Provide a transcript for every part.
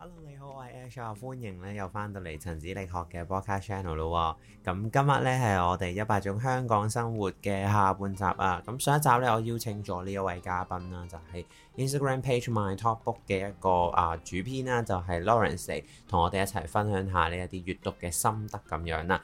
hello，你好，我係 Ash，歡迎咧又翻到嚟陳子力學嘅 Podcast Channel 啦。咁今日咧係我哋一百種香港生活嘅下半集啊。咁上一集咧，我邀請咗呢一位嘉賓啦，就係 Instagram page My Talk Book 嘅一個啊主編啦，就係 Lawrence，同我哋一齊分享下呢一啲閱讀嘅心得咁樣啦。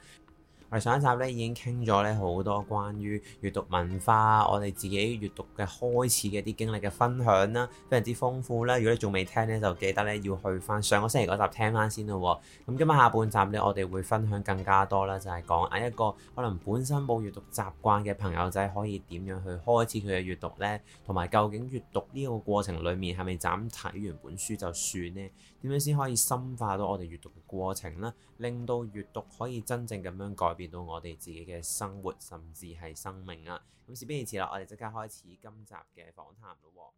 我哋上一集咧已經傾咗咧好多關於閱讀文化，我哋自己閱讀嘅開始嘅啲經歷嘅分享啦，非常之豐富啦。如果你仲未聽咧，就記得咧要去翻上個星期嗰集聽翻先咯。咁今日下半集咧，我哋會分享更加多啦，就係講一個可能本身冇閱讀習慣嘅朋友仔可以點樣去開始佢嘅閱讀咧，同埋究竟閱讀呢個過程裡面係咪就咁睇完本書就算呢？點樣先可以深化到我哋閱讀嘅過程呢？令到閱讀可以真正咁樣改變到我哋自己嘅生活，甚至係生命啊！咁事不宜遲啦，我哋即刻開始今集嘅訪談咯。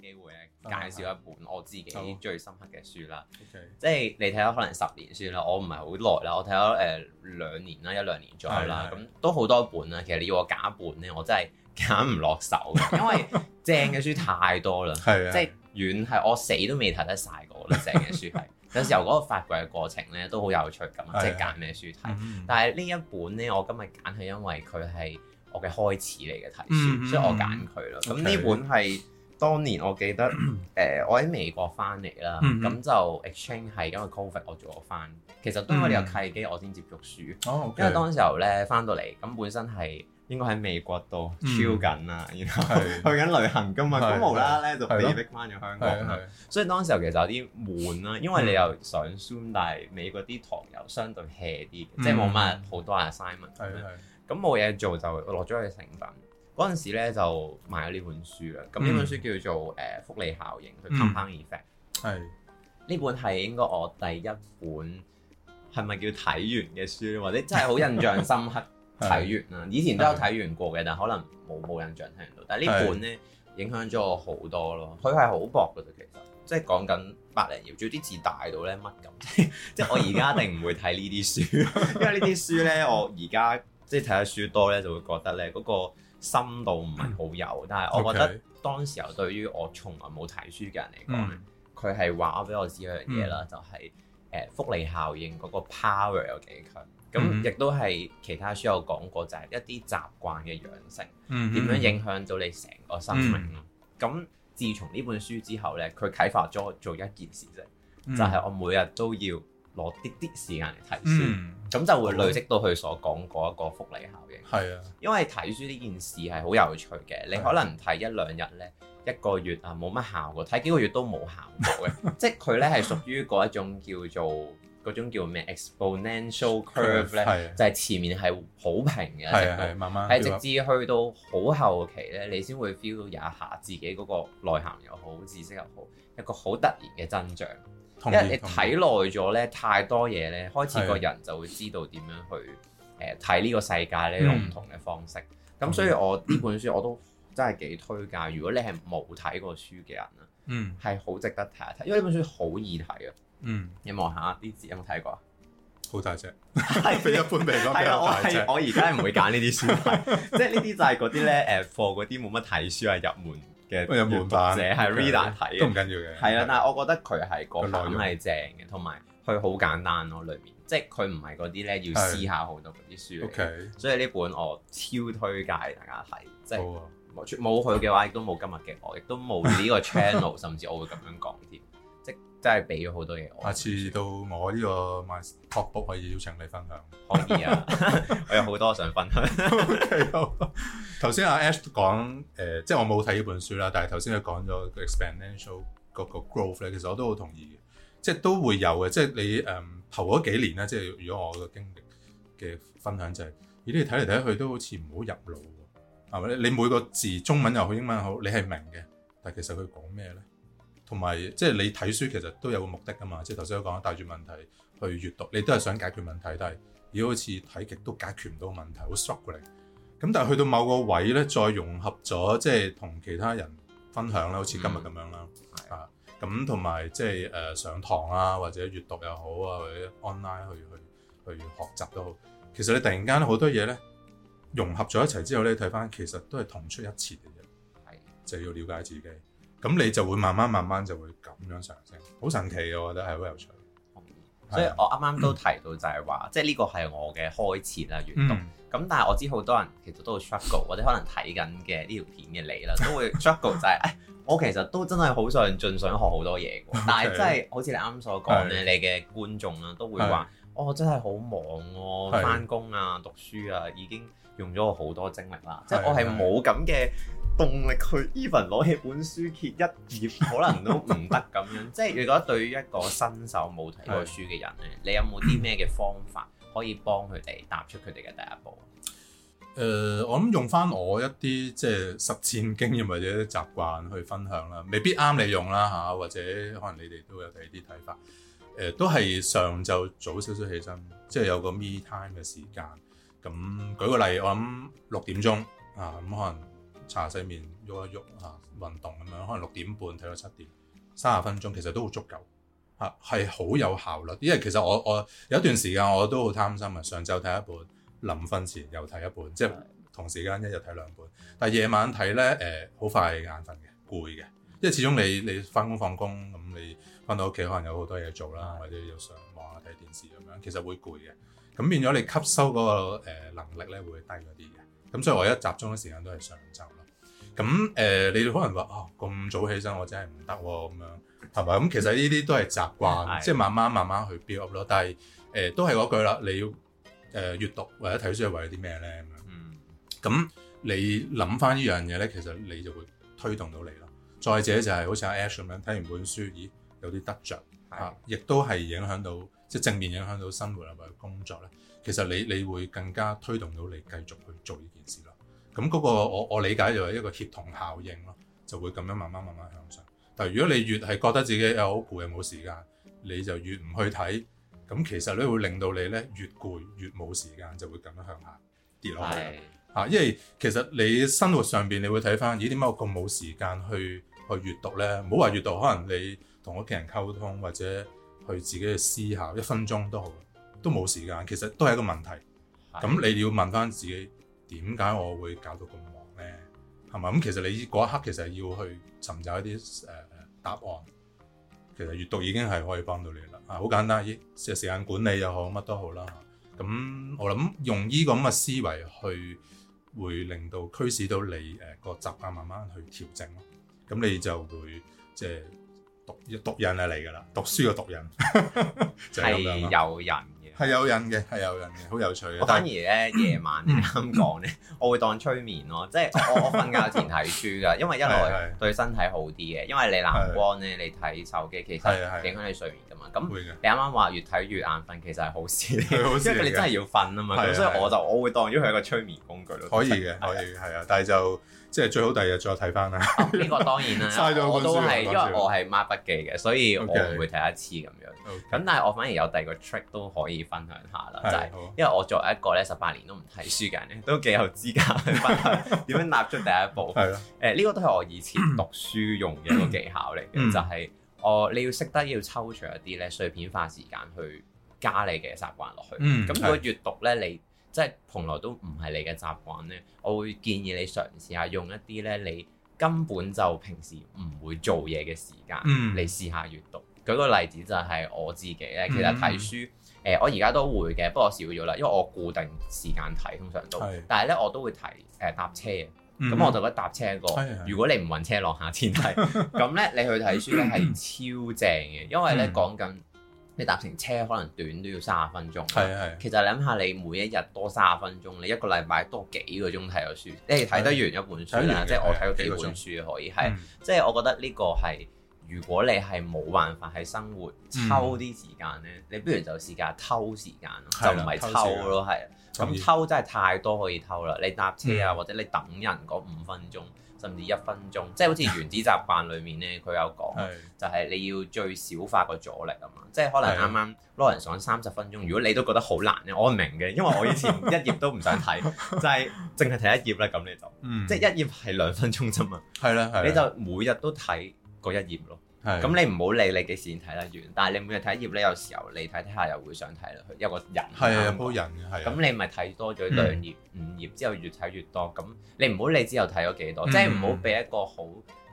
機會咧，介紹一本我自己最深刻嘅書啦，Okay. 即係你睇咗可能十年書啦，我唔係好耐啦，我睇咗誒兩年啦，一兩年左右啦，咁是的 都好多本啦。其實你要我揀一本咧，我真係揀唔落手， 因為正嘅書太多啦，係啊，即係遠係我死都未睇得晒過，我正嘅書係 有時候嗰個發掘嘅過程咧都好有趣咁，是的 即係揀咩書睇。 但係呢一本咧，我今日揀係因為佢係我嘅開始嚟嘅題書， 所以我揀佢咯。咁呢 本係。當年我記得，誒，我喺美國翻嚟啦，咁就 exchange 係因為 COVID 我做咗翻。其實當我哋有契機，我先接觸書。因為當時候咧翻到嚟，咁本身係應該喺美國度超緊啦，然後去去緊旅行㗎嘛，咁無啦咧就被迫翻咗香港啦。所以當時候其實有啲悶啦，因為你又想 zoom，但係美國啲堂又相對 hea 啲，即係冇乜好多 assignment。咁冇嘢做就落咗去誠品。嗰陣時咧就買咗呢本書啦，咁呢本書叫做誒複利效應，佢、嗯、compounding effect，係呢是本係應該我第一本是是，係咪叫睇完嘅書或者真係好印象深刻睇 完啦，以前都有睇完過嘅，是但可能冇冇印象聽唔到，但係呢本咧是影響咗我好多咯。佢係好薄嘅啫，其實即係、就是、講緊百零頁，仲要啲字大到咧乜咁，即係 我而家一定唔會睇呢啲書，因為呢啲書咧我而家即係睇下書多咧就會覺得咧、那、嗰個。深度唔係好有，但係我覺得當時候對於我從來冇睇書嘅人嚟講，佢係話俾我知一樣嘢啦，嗯、就係誒複利效應嗰個 power 有幾強，咁亦、嗯、都係其他書有講過就，就係一啲習慣嘅養成點樣影響到你成個生命。咁、嗯、自從呢本書之後咧，佢啟發咗我做一件事啫，嗯、就係我每日都要。攞啲啲時間嚟睇書，咁就會累積到佢所講嗰一個複利效應。係啊，因為睇書呢件事係好有趣嘅，你可能睇一兩日呢一個月啊冇乜效果，睇幾個月都冇效果嘅，即係佢呢係屬於嗰一種叫做嗰種叫咩 exponential curve 呢就係前面係好平嘅，慢慢，係直至去到好後期呢你先會 feel 到一下自己嗰個內涵又好，知識又好，一個好突然嘅增長。因為你睇耐咗咧，太多嘢咧，開始個人就會知道點樣去誒睇呢個世界咧，用唔同嘅方式。咁、嗯、所以我呢本書我都真係幾推介，如果你係冇睇過書嘅人嗯，係好值得睇一睇。因為呢本書好易睇啊。嗯，你望下啲字有冇睇過啊？好大隻，係 非一般鼻咯、 啊。我而家唔會揀、 就是、呢啲書即係呢啲就係嗰啲咧誒 for 嗰啲冇乜睇書啊入門。有冇單？係 reader 睇都唔緊要嘅。係啊的，的但係我覺得佢係個版係正嘅，同埋佢好簡單咯。裡面即係佢唔係嗰啲咧要思考好多啲書 OK，所以呢本我超推介大家睇。啊、即係冇佢嘅話，亦都冇今日嘅我，亦都冇呢個 channel， 甚至我會咁樣講添。真係俾咗好多嘢我。下次到我呢個 My Talk Book 可以邀請你分享。可以啊， 我有好多想分享 okay。頭先阿 Ash 講誒、呃，即係我冇睇呢本書啦，但係頭先佢講咗 exponential 嗰個 growth 咧，其實我都好同意嘅。即係都會有嘅，即係你誒頭嗰幾年咧，即係如果我嘅經歷嘅分享就係、是，咦？你睇嚟睇去都好似唔好入腦喎，係咪你每個字中文又好英文又好，你係明嘅，但係其實佢講咩咧？同埋即係你睇書其實都有個目的㗎嘛，即係頭先我講帶住問題去閱讀，你都係想解決問題，但係如果好似睇極都解決唔到問題，好 short 嚟。咁但係去到某個位咧，再融合咗即係同其他人分享啦，好似今日咁樣啦，嗯、啊咁同埋即係誒、呃、上堂啊，或者閱讀又好啊，或者 online 去去去學習都好，其實你突然間好多嘢咧融合咗一齊之後咧，睇翻其實都係同出一轍嘅啫，的就要了解自己。咁你就會慢慢慢慢就會咁樣上升，好神奇嘅，我覺得係好有趣。所以，我啱啱都提到就係話， 即係呢個係我嘅開始啦，閲讀。咁、嗯、但係我知好多人其實都會 juggle 或者可能睇緊嘅呢條片嘅你啦，都會 juggle 就係、是、誒、 哎，我其實都真係 Okay. 好上進，想學好多嘢嘅。但係真係好似你啱啱所講咧，你嘅觀眾啦都會話是、哦，我真係好忙哦、啊，返工是啊、讀書啊，已經用咗我好多精力啦。是 即係我係冇咁嘅動力去 even 攞起本書揭一頁，可能都唔得咁樣。 即係如果對於一個新手冇睇過書嘅人咧，是你有冇啲咩嘅方法可以幫佢哋踏出佢哋嘅第一步？誒、呃，我諗用翻我一啲即係實戰經驗或者習慣去分享啦，未必啱你用啦嚇，或者可能你哋都有睇啲睇法。誒、呃，都係上晝早少少起身，即、就、係、是、有個 me time 嘅時間。咁舉個例，我諗六點鐘啊，咁、嗯、可能。茶洗面，喐一喐嚇、啊，運動咁樣，可能六點半睇到七點，三十分鐘其實都好足夠嚇，係、啊、好有效率。因為其實我我有一段時間我都好貪心啊，上晝睇一本，臨瞓前又睇一本，即係同時間一日睇兩本。但係夜晚睇咧，誒、呃、好快眼瞓嘅，攰嘅。因為始終你你翻工放工咁，你翻到屋企可能有好多嘢做啦，或者要上網啊睇電視咁樣，其實會攰嘅。咁變咗你吸收嗰個誒能力咧會低咗啲嘅。咁所以我一集中嘅時間都係上晝咯。咁誒、呃，你哋可能話、哦、啊，咁早起身我真係唔得喎，咁樣係咪？咁其實呢啲都係習慣，嗯、即係慢慢慢慢去 build up 咯。但係誒，都係嗰句啦，你要誒、呃、閱讀或者睇書係為咗啲咩咧？咁、嗯、你諗翻呢樣嘢咧，其實你就會推動到你咯。再者就係、是、好似阿 Ash 咁樣睇完本書，咦有啲得着，嚇、嗯啊，亦都係影響到即係、就是、正面影響到生活啊或者工作咧。其實你你會更加推動到你繼續去做呢件事咯。咁嗰個我我理解就係一個協同效應咯，就會咁樣慢慢慢慢向上。但係如果你越係覺得自己有好攰又冇時間，你就越唔去睇，咁其實咧會令到你咧越攰越冇時間，就會咁樣向下跌落去。嚇是，因為其實你生活上邊你會睇返，咦？點解我咁冇時間去去閲讀咧？唔好話閲讀，可能你同屋企人溝通或者去自己去思考一分鐘都好。都冇時間，其實都係一個問題。咁的你要問翻自己，點解我會搞到咁忙咧？係嘛？咁其實你嗰一刻其實要去尋找一啲誒、呃、答案。其實閱讀已經係可以幫到你啦。好、啊、簡單，即係時間管理又好，乜都好啦。咁、啊、我諗用呢個咁嘅思維去，會令到驅使到你誒個、呃、習慣慢慢去調整咯。咁你就會即係讀讀人係嚟㗎啦，讀書嘅讀人 就有人就係咁樣。係有癮嘅，係有癮嘅，好有趣嘅。我反而咧夜晚啱講咧，我會當催眠咯，即係我我瞓覺前睇書㗎，因為一來對身體好啲嘅，因為你藍光咧你睇手機其實影響你睡眠㗎嘛。咁你啱啱話越睇越眼瞓，其實係好事嚟，因為你真係要瞓啊嘛。咁所以我就我會當咗佢係一個催眠工具咯。可以嘅，可以係啊，但係就。即係最好，第二日再睇翻啦。呢個當然啦，我都係，因為我係 mark 筆記嘅，所以我唔會睇一次咁樣。咁但係我反而有第二個 trick 都可以分享下啦，就係因為我作為一個咧十八年都唔睇書嘅人咧，都幾有資格去分享點樣踏出第一步。係咯。誒，呢個都係我以前讀書用嘅一個技巧嚟嘅，就係我你要識得要抽出一啲咧碎片化時間去加你嘅習慣落去。嗯。咁如果閱讀咧，你即係從來都唔係你嘅習慣呢，我會建議你嘗試下用一啲呢，你根本就平時唔會做嘢嘅時間，你試下閱讀。嗯、舉個例子就係我自己呢。其實睇書誒、嗯呃，我而家都會嘅，不過少咗啦，因為我固定時間睇，通常都，是但係呢，我都會睇誒搭車啊，咁、嗯、我就覺得搭車個，是是是如果你唔暈車落下先睇。咁 呢，你去睇書呢係超正嘅，因為呢講緊。嗯嗯你搭成車可能短都要三十分鐘，其實諗下，你每一日多三十分鐘，你一個禮拜多幾個鐘睇個書，你睇得完一本書。即係我睇到幾本書可以係，即係我覺得呢個係如果你係冇辦法喺生活抽啲時間呢，你不如就試下偷時間就唔係抽咯，係咁偷真係太多可以偷啦。你搭車啊，或者你等人嗰五分鐘。甚至一分鐘，即係好似原子習慣裡面咧，佢有講， 就係你要最小化個阻力啊嘛。 即係可能啱啱攞人上三十分鐘，如果你都覺得好難嘅，我明嘅，因為我以前一頁都唔想睇， 就係淨係睇一頁啦。咁你就， 即係一頁係兩分鐘咋嘛？係啦，係，你就每日都睇嗰一頁咯。咁你唔好理你幾時先睇得完，但係你每日睇一頁咧，有時候你睇睇下又會想睇啦。有個人係啊，有鋪人係。咁你咪睇多咗兩頁、嗯、五頁之後越睇越多，咁你唔好理之後睇咗幾多，即係唔好俾一個好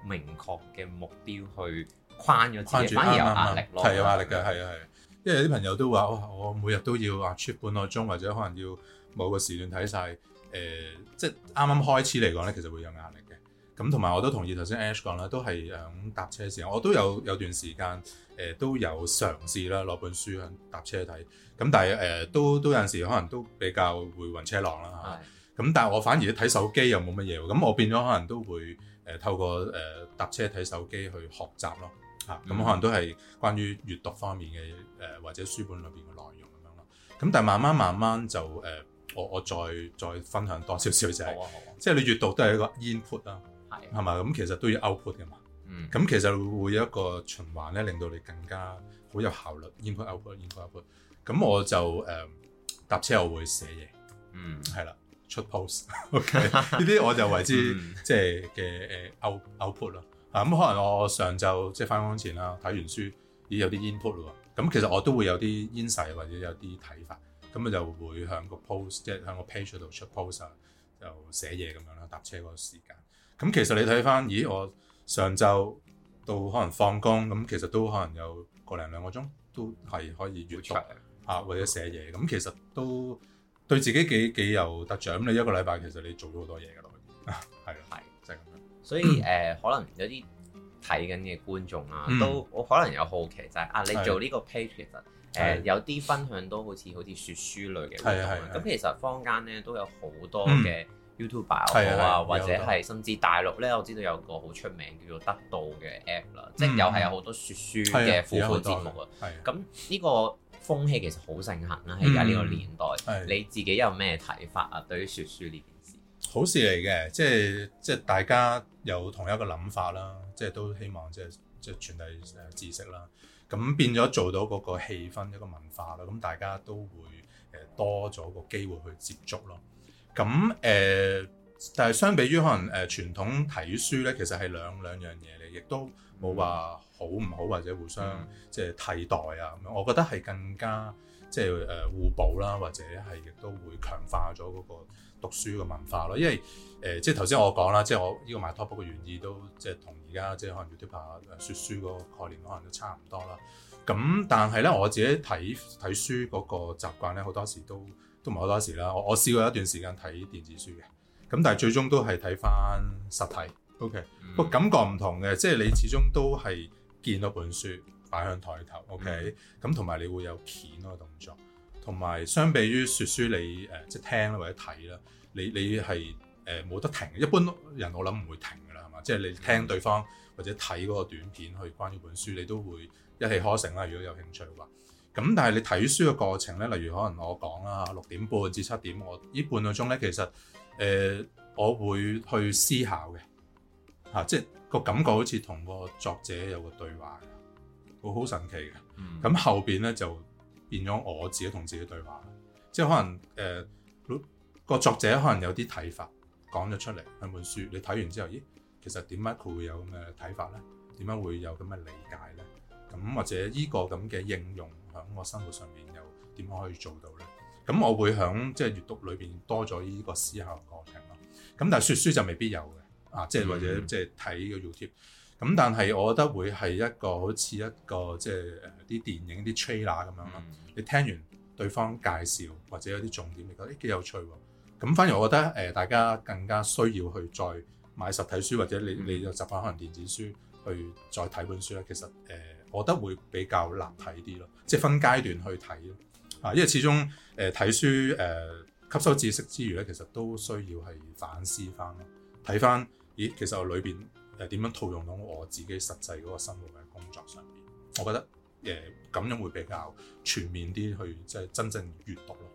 明確嘅目標去框咗自己，著反而有壓力咯。係、嗯嗯嗯、有壓力嘅，係啊係。因為有啲朋友都話：我每日都要話出半個鐘，或者可能要某個時段睇晒。誒、呃，即係啱啱開始嚟講咧，其實會有壓力。咁同埋我都同意頭先 Ash 講啦，都係誒咁搭車時，我都有有段時間誒、呃、都有嘗試啦，攞本書喺搭車睇。咁但係誒、呃、都都有陣時可能都比較會暈車浪啦嚇。咁的但係我反而睇手機又冇乜嘢。咁我變咗可能都會誒透過誒、呃、搭車睇手機去學習咯嚇。咁的可能都係關於閱讀方面嘅誒、呃、或者書本裏邊嘅內容咁樣咯。咁但係慢慢慢慢就誒、呃、我我再再分享多少少就係，啊啊、即係你閱讀都係一個 input 啦。係嘛？咁其實都要 output 噶嘛。嗯。咁其實會有一個循環咧，令到你更加好有效率。input output input output。咁我就誒搭、呃、車我會寫嘢。嗯。係啦，出 post。 OK。呢啲我就為之即係嘅誒 output 咯。啊、嗯，咁可能我上晝即係翻工前啦，睇完書已經有啲 input 咯。咁其實我都會有啲 insight 或者有啲睇法。咁啊就會喺個 post 即係喺個 page 度出 post 啊，就寫嘢咁樣啦。搭車嗰時間。咁其實你睇翻，咦？我上晝到可能放工，咁其實都可能有個零兩個鐘，都係可以閲讀啊，或者寫嘢。咁其實都對自己幾幾有得著。咁你一個禮拜其實你做咗好多嘢噶咯，係咯，就係咁樣。所以誒，可能有啲睇緊嘅觀眾啊，都我可能有好奇就係啊，你做呢個 page 其實誒有啲分享都好似好似說書類嘅咁，咁其實坊間咧都有好多嘅。YouTube 啊，YouTuber, 的或者係甚至大陸咧，我知道有個好出名叫做得到嘅 app 啦、嗯，即係又係有好多說書嘅副播節目啊。咁呢個風氣其實好盛行啦，而家呢個年代，的你自己有咩睇法啊？對於說書呢件事，好事嚟嘅，即係即係大家有同一個諗法啦，即係都希望即係即係傳遞知識啦。咁變咗做到嗰個氣氛一個文化啦，咁大家都會誒多咗個機會去接觸咯。咁誒、呃，但係相比於可能誒傳、呃、統睇書咧，其實係兩兩樣嘢嚟，亦都冇話好唔好或者互相、嗯、即係替代啊。我覺得係更加即係誒、呃、互補啦，或者係亦都會強化咗嗰個讀書嘅文化咯。因為誒、呃，即係頭先我講啦，即係我呢、這個 My Talk Book 嘅原意都即係同而家即係可能 YouTube 説書嗰個概念可能都差唔多啦。咁但係咧，我自己睇睇書嗰個習慣咧，好多時都～都唔係好多時啦，我我試過一段時間睇電子書嘅，咁但係最終都係睇返實體。OK，個、嗯、感覺唔同嘅，即係你始終都係見到本書擺向枱頭。OK，咁同埋你會有片嗰個動作，同埋相比於說書你、呃，你誒即係聽咧或者睇啦，你你係誒冇得停。一般人我諗唔會停㗎啦，係嘛？即、就、係、是、你聽對方或者睇嗰個短片去關於本書，你都會一氣呵成啦。如果有興趣嘅話。咁，但係你睇書嘅過程咧，例如可能我講啦、啊，六點半至七點，我呢半個鐘咧，其實誒、呃，我會去思考嘅嚇、啊，即係個感覺好似同個作者有個對話嘅，會好神奇嘅。咁、嗯啊、後邊咧就變咗我自己同自己對話，即係可能誒、呃個作者可能有啲睇法講咗出嚟，係本書你睇完之後，咦，其實點解佢會有咁嘅睇法咧？點解會有咁嘅理解咧？咁或者呢個咁嘅應用？響我生活上面又點樣可以做到咧？咁我會響即係閲讀裏邊多咗依個思考過程咯。咁但係説書就未必有嘅啊！即係或者、嗯、即係睇個 YouTube。咁但係我覺得會係一個好似一個即係啲電影啲 trailer 咁樣咯。嗯、你聽完對方介紹或者有啲重點，你覺得咦幾有趣喎？咁反而我覺得誒、呃、大家更加需要去再買實體書，或者你你就習慣可能電子書去再睇本書咧。其實誒。呃我覺得會比較立體啲咯，即係分階段去睇咯，啊，因為始終誒睇、呃、書誒、呃、吸收知識之餘咧，其實都需要係反思翻咯，睇翻咦，其實裏邊誒點樣套用到我自己實際嗰個生活嘅工作上邊，我覺得誒咁、呃、樣會比較全面啲去即係真正閲讀咯。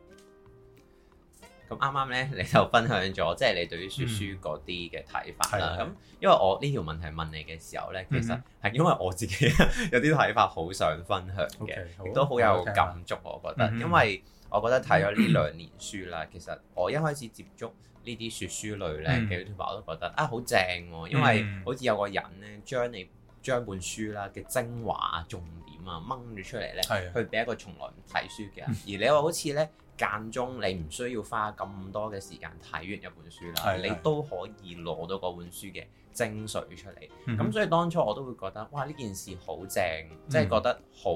咁啱啱咧，你就分享咗即係你對於說書嗰啲嘅睇法啦。咁、嗯、因為我呢條問題問你嘅時候咧，嗯、其實係因為我自己有啲睇法好想分享嘅，亦、okay, 好都好有感觸。我覺得，okay. 因為我覺得睇咗呢兩年書啦，嗯、其實我一開始接觸說書呢啲說書類咧嘅話，嗯、我都覺得啊好正喎，因為好似有個人咧將你將本書啦嘅精華重點啊掹咗出嚟咧，的去俾一個從來唔睇書嘅，人、嗯。而你話好似咧。間中你唔需要花咁多嘅時間睇完一本書啦，的你都可以攞到嗰本書嘅精髓出嚟。咁、嗯、所以當初我都會覺得，哇！呢件事好正，即係、嗯、覺得好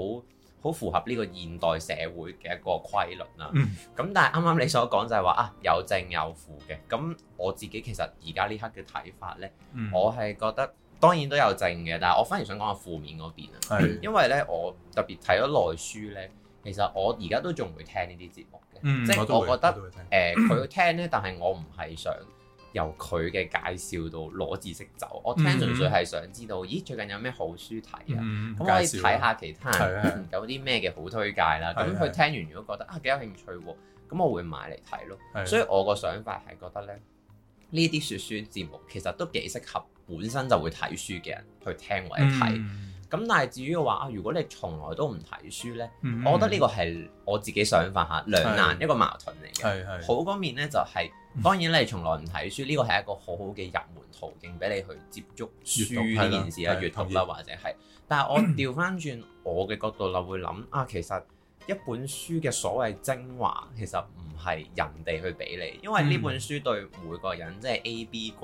好符合呢個現代社會嘅一個規律啦。咁、嗯、但係啱啱你所講就係、是、話啊，有正有負嘅。咁我自己其實而家呢刻嘅睇法呢，嗯、我係覺得當然都有正嘅，但係我反而想講下負面嗰邊啊。的因為呢，我特別睇咗內書呢。其實我而家都仲會聽呢啲節目嘅，即係我覺得誒佢聽呢，但係我唔係想由佢嘅介紹到攞知識走，我聽純粹係想知道咦最近有咩好書睇啊，咁可以睇下其他人有啲咩嘅好推介啦。咁佢聽完如果覺得啊幾有興趣，咁我會買嚟睇咯。所以我個想法係覺得呢，呢啲説書節目其實都幾適合本身就會睇書嘅人去聽或者睇。咁但係至於嘅話、啊，如果你從來都唔睇書呢，嗯、我覺得呢個係我自己想法嚇，兩難是一個矛盾嚟嘅。好方面呢，就係、是，嗯、當然你從來唔睇書，呢個係一個好好嘅入門途徑俾你去接觸書呢件事啦，閲讀啦讀意或者係。但係我調翻轉我嘅角度啦，會諗啊，其實一本書嘅所謂精華，其實唔係人哋去俾你，因為呢本書對每個人即係 A、B 君。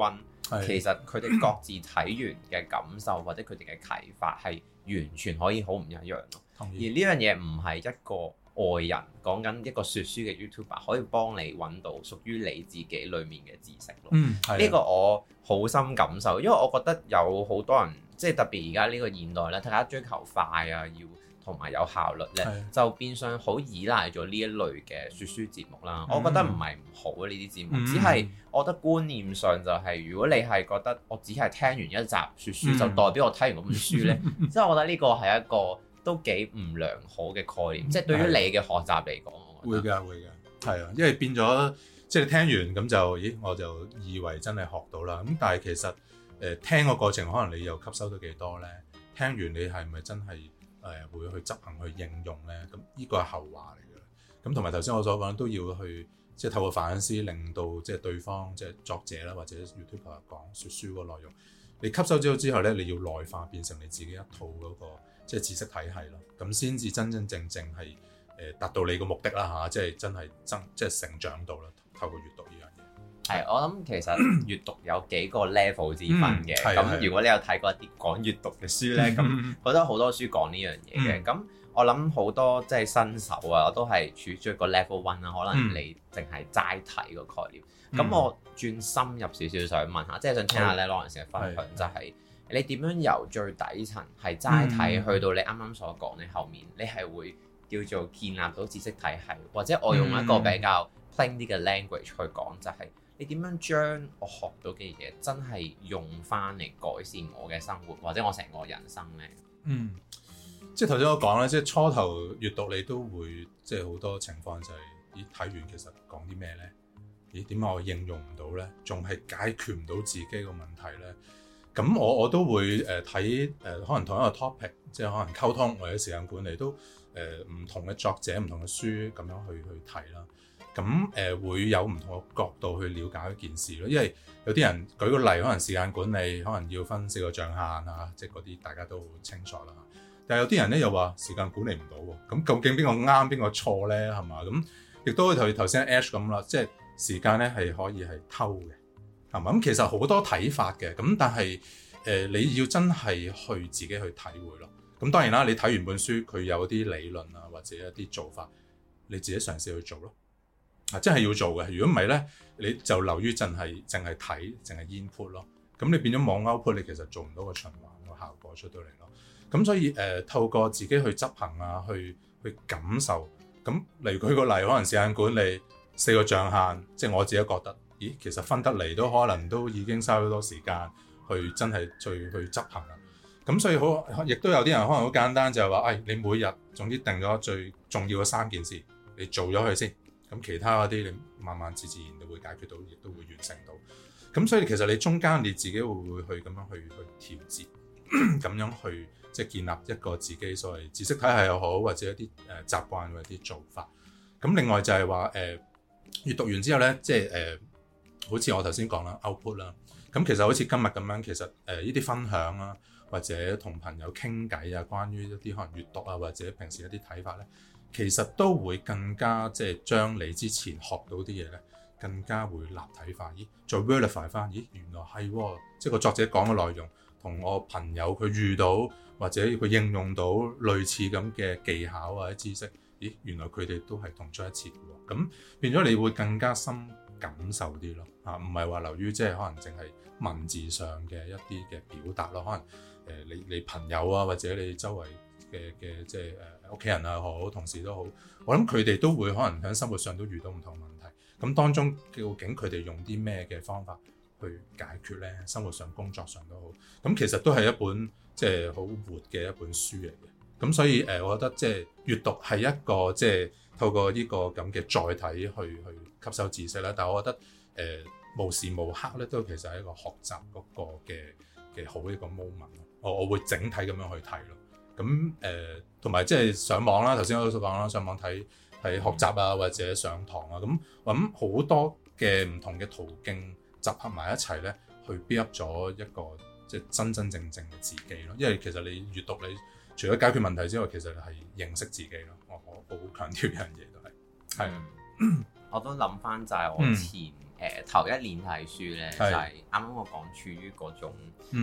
其實佢哋各自睇完嘅感受或者佢哋嘅啟發係完全可以好唔一樣咯。同意。而呢樣嘢唔係一個外人，講緊一個說書嘅 YouTuber 可以幫你揾到屬於你自己裡面嘅知識咯。嗯，係。呢個我好深感受，因為我覺得有好多人即係特別而家呢個現代咧，大家追求快啊，要。同埋有，有效率咧，的就變相好依賴咗呢一類嘅說書節目啦。嗯、我覺得唔係唔好呢啲節目，嗯、只係我覺得觀念上就係、是，如果你係覺得我只係聽完一集說書，嗯、就代表我睇完嗰本書咧，即係、嗯、我覺得呢個係一個都幾唔良好嘅概念。即係的對於你嘅學習嚟講，我覺得會㗎會㗎係啊，因為變咗即係聽完咁就，咦我就以為真係學到啦。咁但係其實誒、呃、聽個過，過程，可能你又吸收咗幾多咧？聽完你係咪真係？誒會去執行去應用咧，咁呢個係後話嚟嘅。咁同埋頭先我所講都要去，即係透過反思，令到即係對方即係作者啦，或者 YouTuber 講說、說書個內容，你吸收咗之後咧，你要內化變成你自己一套嗰個即係知識體系咯。咁先至真真正正係誒達到你個目的啦吓，即係真係增即係成長到啦，透過閲讀。係，我諗其實閱讀有幾個 level 之分嘅。咁、嗯、如果你的有睇過一啲講閱讀嘅書咧，咁覺得好多書講呢樣嘢嘅。咁、嗯、我諗好多即係新手啊，我都係處於個 level one 啊，可能你淨係齋睇個概念。咁、嗯、我轉深入少，少少想問下，嗯、即係想聽下 Laurence 嘅分享，嗯、就係你點樣由最底層係齋睇去到你啱啱所講咧後面，你係會叫做建立到知識體系，或者我用一個比較 plain 啲嘅 language 去講，就係、是。你點樣將我學到嘅嘢真係用翻嚟改善我嘅生活，或者我成個人生呢？嗯，即係頭先我講咧，即係初頭閱讀你都會即係好多情況就係咦，睇完其實講啲咩呢？咦，點解我應用唔到呢？仲係解決唔到自己個問題呢？咁我我都會誒睇誒可能同一個 topic，即係可能溝通或者時間管理都誒唔、呃、唔同嘅作者、唔同嘅書咁樣去去睇啦。咁誒、嗯、會有唔同嘅角度去了解一件事咯，因為有啲人舉個例，可能時間管理可能要分四個象限啊，即係嗰啲大家都好清楚啦、啊。但係有啲人咧又話時間管理唔到喎，咁、啊、究竟邊個啱邊個錯咧？係嘛？咁、嗯、亦都好似頭先 Ash 咁啦，即係時間咧係可以係偷嘅，係嘛？咁、嗯、其實好多睇法嘅，咁但係誒、呃、你要真係去自己去體會咯。咁、啊、當然啦，你睇完本書，佢有啲理論啊或者有一啲做法，你自己嘗試去做咯。啊，真係要做嘅。如果唔係咧，你就流於淨係淨係睇，淨係 input 咯。咁你變咗網 output，你其實做唔到個循環個效果出到嚟咯。咁所以誒、呃，透過自己去執行啊，去去感受。咁例如舉個例，可能時間管理四個象限，即係我自己覺得，咦，其實分得嚟都可能都已經嘥好多時間去真係最去，去執行啦。咁所以好，亦都有啲人可能好簡單就，就係話誒，你每日總之定咗最重要嘅三件事，你做咗佢先。咁其他嗰啲你慢慢自自然就會解決到，亦都會完成到。咁所以其實，你中間你自己會唔會去咁樣去去調節，咁 樣去即係建立一個自己所謂知識體系又好，或者一啲誒、呃、習慣或者啲做法。咁另外就係話，誒、呃，閲讀完之後咧，即係誒、呃，好似我頭先講啦，output 啦。咁其實好似今日咁樣，其實誒呢啲分享啊，或者同朋友傾偈啊，關於一啲可能閱讀啊，或者平時一啲睇法咧。其實都會更加即係將你之前學到啲嘢咧，更加會立體化。咦，再 verify 翻，咦，原來係即係個作者講嘅內容，同我朋友佢遇到或者佢應用到類似咁嘅技巧或者知識，咦，原來佢哋都係同出一轍喎。咁變咗你會更加深感受啲咯，嚇唔係話流於即係可能淨係文字上嘅一啲嘅表達咯、啊，可能誒、呃、你你朋友啊或者你周圍。嘅嘅即係誒屋企人啊，好同事都好，我諗佢哋都會可能喺生活上都遇到唔同問題，咁當中究竟佢哋用啲咩嘅方法去解決咧？生活上、工作上都好，咁其實都係一本即係好活嘅一本書嚟嘅。咁所以誒、呃，我覺得即係閱讀係一個即係透過呢個咁嘅載體去去吸收知識啦。但係我覺得誒、呃、無時無刻咧都其實係一個學習嗰個嘅嘅好一個 moment。我我會整體咁樣去睇咯。咁誒，同埋即係上網啦，頭先我所講啦，上網睇睇學習啊，或者上堂啊，咁咁好多嘅唔同嘅途徑集合埋一齊咧，去 build 咗一個即係真真正正嘅自己咯。因為其實你閱讀，你除咗解決問題之外，其實係認識自己咯。我我好強調一樣嘢，都係係。嗯、 我都諗翻就係我前誒、嗯呃、頭一年睇書咧，的就係啱啱我講處於嗰種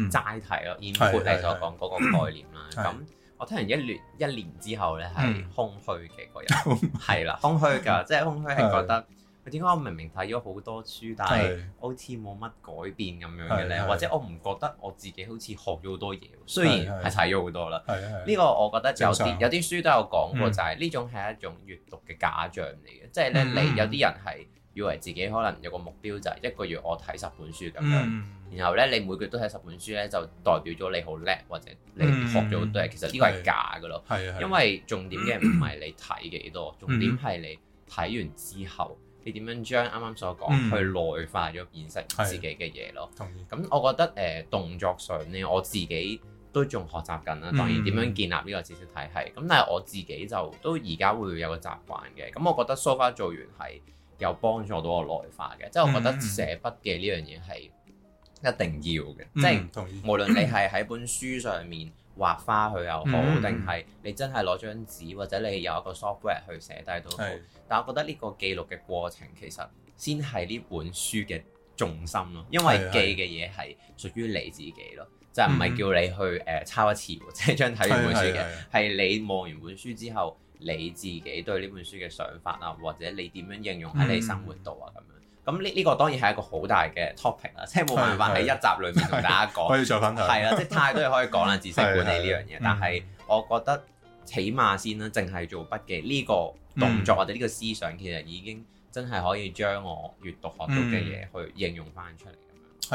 齋睇咯，input 你所講嗰個概念啦，咁的。我聽完一年一年之後咧，係空虛嘅個人，係 啦，空虛㗎，即係空虛係覺得，點解 是我明明睇咗好多書，但係好似冇乜改變咁樣嘅咧？是是或者我唔覺得我自己好似學咗好多嘢，雖然係睇咗好多啦。呢是是 個我覺得有啲常有啲書都有講過，就係、是、呢種係一種閱讀嘅假象嚟嘅，是是是即係咧 你有啲人係。以為自己可能有個目標就係一個月我睇十本書咁樣，嗯、然後呢，你每個月都睇十本書呢，就代表咗你好叻或者你學咗好多嘢，其實呢個係假㗎咯。嗯、因為重點嘅唔係你睇幾多，嗯、重點係你睇完之後、嗯、你點樣將啱啱所講、嗯、去內化咗變成自己嘅嘢咯。咁意我覺得誒、呃、動作上呢，我自己都仲學習緊啦。當然點樣建立呢個知識體系，咁、嗯、但係我自己就都而家會有個習慣嘅。咁我覺得梳花做完係。有幫助到我內化嘅，即係我覺得寫筆記呢樣嘢係一定要嘅，即係無論你係喺本書上面畫花去又好，定係、嗯、你真係攞張紙或者你有一個 software 去寫低都好。是但我覺得呢個記錄嘅過程其實先係呢本書嘅重心咯，因為記嘅嘢係屬於你自己咯，是是就唔係叫你去誒、uh，抄一次，嗯、即係將睇完本書嘅，係是你望完本書之後。你自己對呢本書嘅想法啊，或者你點樣應用喺你生活度啊？咁樣咁呢？呢個當然係一個好大嘅 topic 啊，即係冇辦法喺一集裡面同是是 大家講。是是可以再分享。係啊，即係太多嘢可以講啦，知識管理呢樣嘢。是是但係我覺得，起碼先啦、啊，淨係做筆記呢、呢個動作，或者呢個思想其實已經真係可以將我閱讀學到嘅嘢去應用翻出嚟。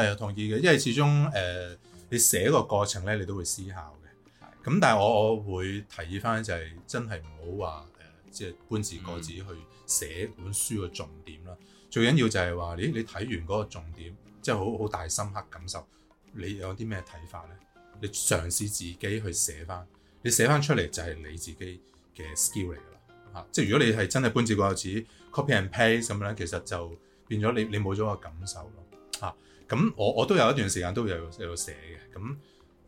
係啊，同意嘅，因為始終誒、呃，你寫個過程咧，你都會思考。咁但係我我會提議翻就係真係唔好話誒，即係搬字過紙去寫本書嘅重點啦。嗯、最緊要就係話，咦？你睇完嗰個重點，即係好好大深刻感受，你有啲咩睇法咧？你嘗試自己去寫翻，你寫翻出嚟就係你自己嘅 skill 嚟㗎啦。嚇、啊！即係如果你係真係搬字過紙 copy and paste 咁樣，其實就變咗你你冇咗個感受咯。嚇、啊！咁我我都有一段時間都有有寫嘅。咁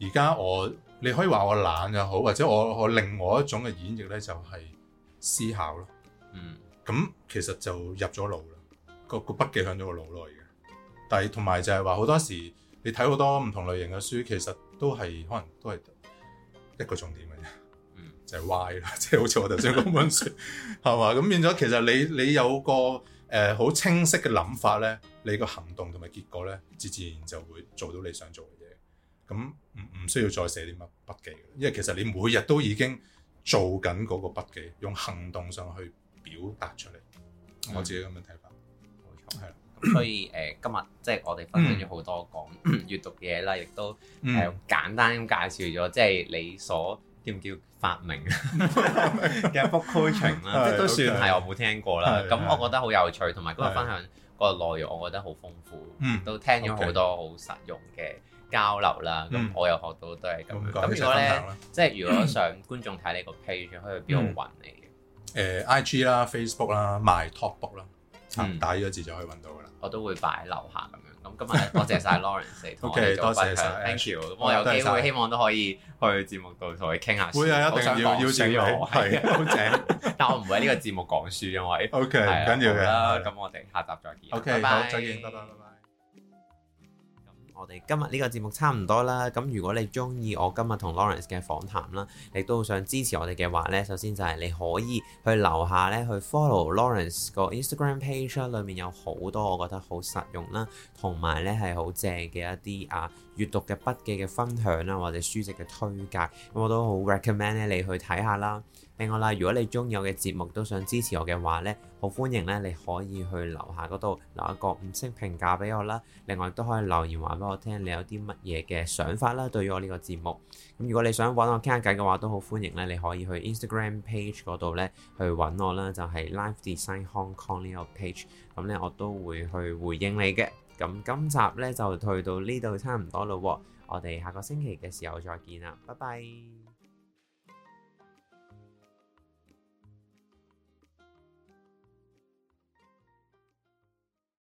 而家我你可以話我懶又好，或者我我另外一種嘅演繹咧，就係思考咯。嗯，咁其實就入咗腦啦，個個筆記喺咗個腦內嘅。但係同埋就係話好多時你睇好多唔同類型嘅書，其實都係可能都係一個重點嘅嘢。嗯，就係 why 啦，即係好似我頭先講本書，係嘛， 咁變咗其實你你有個誒好清晰嘅諗法咧，你個行動同埋結果咧，自自然就會做到你想做。咁唔唔需要再寫啲乜筆記，因為其實你每日都已經做緊嗰個筆記，用行動上去表達出嚟。我自己咁嘅睇法，冇錯，係啦。所以誒，今日即係我哋分享咗好多講閱讀嘅嘢啦，亦都誒簡單咁介紹咗，即係你所叫唔叫發明嘅 book coaching 啦，即都算係我冇聽過啦。咁我覺得好有趣，同埋今日分享嗰個內容，我覺得好豐富，都聽咗好多好實用嘅。交流啦，咁我又學到都係咁樣。咁如果咧，即係如果想觀眾睇你個 page，可以邊度揾你？誒，IG 啦、Facebook 啦、My Talk Book 啦，打呢個字就可以揾到噶啦。我都會擺喺樓下咁樣。咁今日多謝晒 Laurence 你，O K，多謝曬，Thank you。我有機會希望都可以去節目度同佢傾下書。會啊，一定要邀請我，係好正。但我唔會喺呢個節目講書，因為 O K，唔緊要嘅。咁我哋下集再見。O K，拜拜，再見，拜拜。我哋今日呢個節目差唔多啦，咁如果你中意我今日同 Laurence 嘅訪談啦，亦都好想支持我哋嘅話呢，首先就係你可以去樓下呢去 follow Laurence 個 Instagram page 啦，裏面有好多我覺得好實用啦，同埋呢係好正嘅一啲啊閱讀嘅筆記嘅分享啦，或者書籍嘅推介，咁我都好 recommend 咧你去睇下啦。聽我啦，如果你中意我嘅節目，都想支持我嘅話咧，好歡迎咧，你可以去樓下嗰度留一個五星評價俾我啦。另外都可以留言話俾我聽，你有啲乜嘢嘅想法啦，對於我呢個節目。咁如果你想揾我傾下偈嘅話，都好歡迎咧，你可以去 Instagram page 嗰度咧去揾我啦，就係、是、Life Design Hong Kong 呢個 page。咁咧我都會去回應你嘅。咁今集咧就去到呢度差唔多啦喎，我哋下個星期嘅時候再見啦，拜拜。